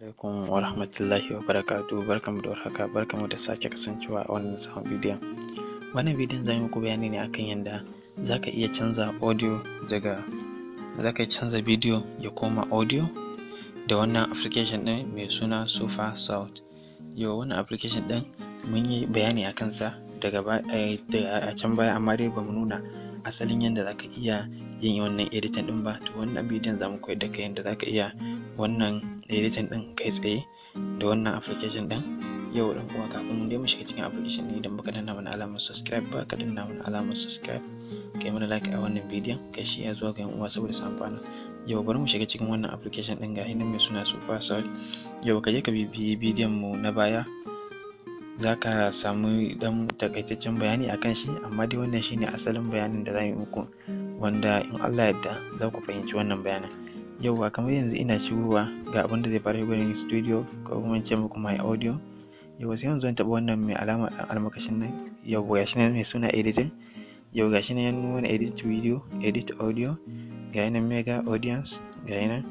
alaikum wa rahmatullahi wa barakatu barkamu da warhaka barkamu da sake kasancewa a wannan sabon bidiyo. wannan bidiyon zan yi muku bayani ne akan yadda za ka iya canza audio daga za canza bidiyo ya koma audio da wannan application ɗin mai suna Sofa Sound yau wannan application ɗin mun yi bayani eh, a kansa daga a can baya amma dai ba mu nuna asalin yadda zaka iya yin wannan editing din ba to wannan bidiyon zamu koyar da kai yadda zaka iya wannan editing din kai tsaye da wannan application din yau dan kuma kafin mu dai mu shiga cikin application din idan baka danna mana alamar subscribe baka ka danna mana alamar subscribe kai mana like a wannan bidiyon kai shi ya zuwa ga yan uwa saboda su amfana yau bari mu shiga cikin wannan application din ga inda mai suna super yau ka je ka bibiyi bidiyon mu na baya za ka samu dan takaitaccen bayani akan shi amma dai wannan shine asalin bayanin da za mu muku wanda in Allah yadda za ku fahimci wannan bayanin yauwa kamar yanzu ina shigowa ga abin da zai fara gurin studio ko kuma in ce muku my audio yau sai yanzu taɓa wannan mai alama dan almakashin nan yau gashi nan mai suna editing yau gashi nan ya nuna edit video edit audio ga yanan mega audience ga yanan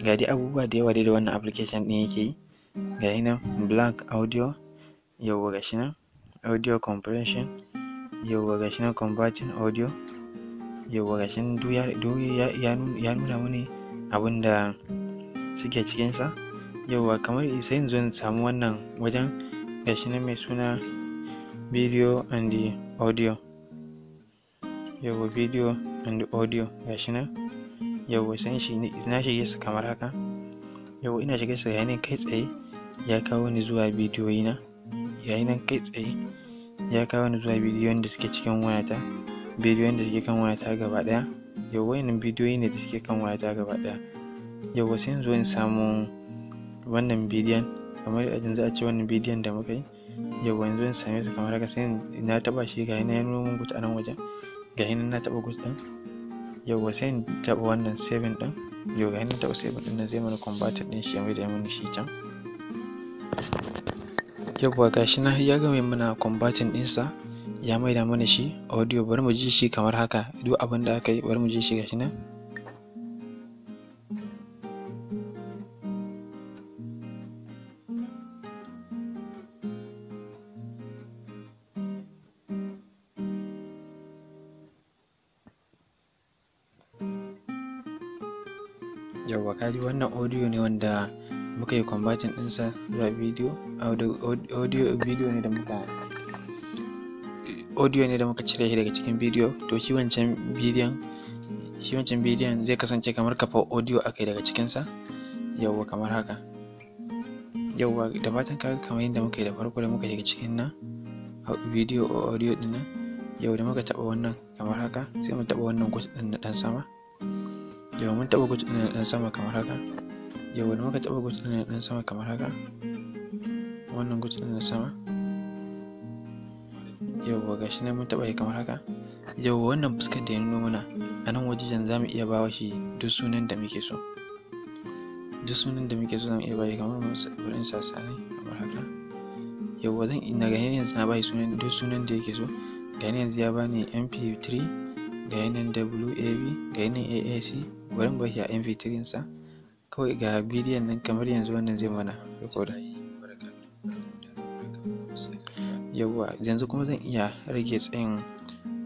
ga dai abubuwa da yawa dai da wannan application ɗin yake yi ga yanan black audio yauwa ga shinan audio compression yauwa ga shinan converting audio yauwa ga shinan duk ya nuna mini abinda da suke cikinsa yauwa kamar sai yanzu zo in samu wannan wajen ga shinan mai suna video and audio yauwa video and audio ga shinan yauwa sai shi na shige su kamar haka yauwa ina shige su yayin kai tsaye ya kawo ni zuwa bidiyoyi na yayi nan kai tsaye ya kawo ni zuwa bidiyon da suke cikin wayata bidiyon da suke kan wayata gaba daya yau wayannan bidiyoyi ne da suke kan wayata gaba daya yau wasu yanzu wani samu wannan bidiyon kamar yanzu a ce wannan bidiyon da muka yi yau yanzu in same su kamar haka sai na taba shi ga yana nuna mun a nan wajen ga yana na taba guta yau wasu yin taba wannan 7 din yau ga yana taba 7 din nan zai mana combatant din shi ya mai da ya mana shi can yabuwa gashi na ya game mana kwambatin ɗinsa ya maida mana shi audio bari mu ji shi kamar haka duk abin da aka yi bari mu ji shi gashi na yawwa kaji wannan audio ne wanda muka yi kwambatin ɗinsa zuwa video audio video ne da muka audio ne da muka cire shi daga cikin bidiyo to shi wancan bidiyon shi wancan bidiyon zai kasance kamar kafa audio aka yi daga cikinsa yauwa kamar haka yauwa da fatan kaga kamar yadda muka yi da farko da muka shiga cikin nan a audio din nan yau da muka taɓa wannan kamar haka sai mu taɓa wannan gutsu ɗin na ɗan sama yau mun taɓa gutsu ɗin na ɗan sama kamar haka yau wani muka taɓa guts na dan sama kamar haka wannan guts ɗin na sama yauwa gashi ne mun taɓa yi kamar haka yauwa wannan fuskar da ya nuno mana a nan wajen za mu iya ba shi duk sunan da muke so duk sunan da muke so za mu iya ba shi kamar bari in sasane kamar haka yauwa zan na ga yanzu na ba shi sunan duk sunan da yake so gani yanzu ya bani mp3 ga yanin wab ga yanin aac wurin ba shi a mp3 sa kawai ga bidiyon nan kamar yanzu wannan zai mana rikoda yawwa yanzu kuma zan iya rage tsayin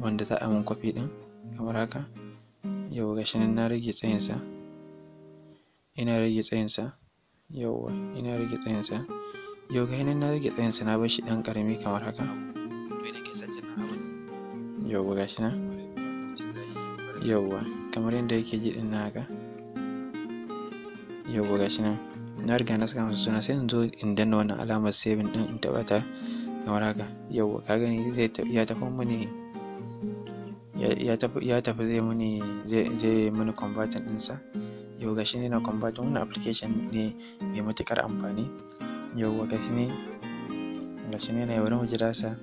wanda za a mun kwafi din kamar haka yawwa gashi nan na rage tsayinsa ina rage tsayinsa yawwa ina rage tsayinsa yau ga nan na rage tsayinsa na bashi dan karami kamar haka yawwa gashi nan yawwa kamar yadda yake ji din na haka yau ga shi nan na riga na saka masa suna sai in zo in danna wannan alamar saving din in taba ta kamar haka yau ka gani zai ya tafi mini ya tafi zai mini zai mini converting ɗinsa yau ga shi ne na converting wannan application ne mai matukar amfani yau ga shi ne ga shi ne na yau mu jira sa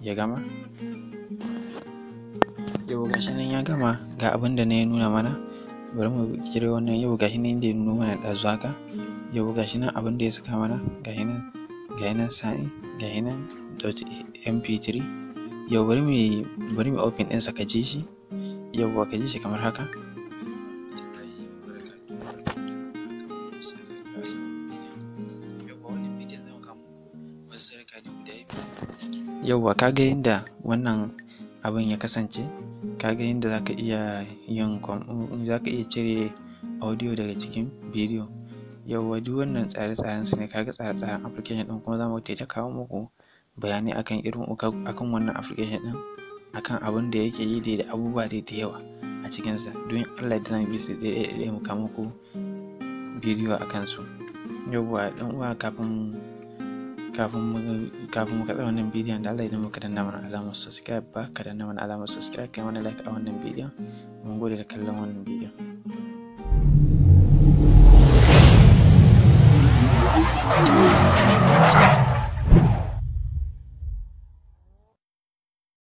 ya gama yau ga shi nan ya gama ga abin da na ya nuna mana bari mu kira wannan yau gashi nan inda ya nuno mana da haka yau gashi nan abin da ya saka mana gashi nan gashi nan sa'i gashi nan mp3 yau bari mu bari mu open din ka ji shi yau ka ji shi kamar haka Yau yauwa kaga yadda wannan abin ya kasance kaga yadda za ka iya yin za ka iya cire audio daga cikin bidiyo yauwa duk wannan tsare-tsaren su ne kaga tsare-tsaren application ɗin kuma za mu ta kawo muku bayanai akan irin akan wannan application ɗin akan abin da yake yi da abubuwa da ta yawa a cikinsa don Allah da nan bi su ɗaya muku bidiyo akan su yauwa ɗan uwa kafin kafin mu katsa wannan bidiyon da Allah idan muka danna mana alamar subscribe ba ka danna mana alamar subscribe kai mana like a wannan bidiyon mun gode da kallon wannan bidiyon